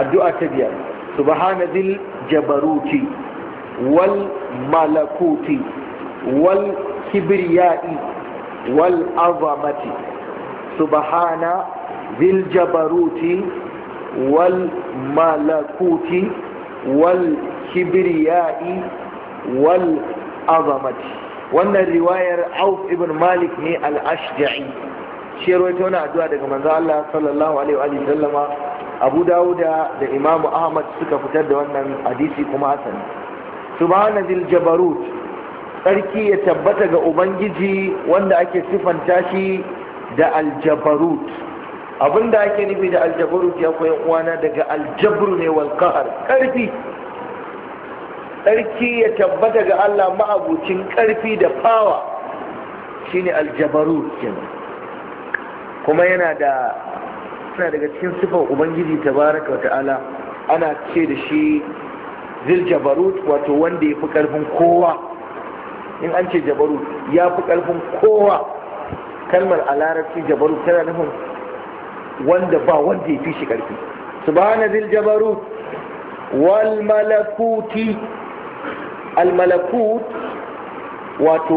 الدعاء تبيا سبحان ذي الجبروت والملكوت والكبرياء والعظمة سبحان ذي الجبروت والملكوت والكبرياء والعظمة وأن الرواية عوف ابن مالك هي الأشجعي شيروتونا دعاء من الله صلى الله عليه وآله وسلم abu dawuda da imamu ahmad suka fitar da wannan hadisi kuma hasan subhanazil jabarut tsarki ya tabbata ga ubangiji wanda ake sifanta shi da aljabarut abinda ake nufi da aljabarut ya koyi uwana daga aljabru ne wal karfi tsarki ya tabbata ga Allah ma'abucin karfi da power shine aljabarut kenan kuma yana da suna daga cikin sifar ubangiji ta baraka wa ta'ala ana ce da shi zil jabarut wato wanda ya fi karfin kowa in an ce jabarut ya fi karfin kowa kalmar a larabci jabarut tana nufin wanda ba wanda ya fi shi karfi subhana zil jabarut wal malakuti al malakut wato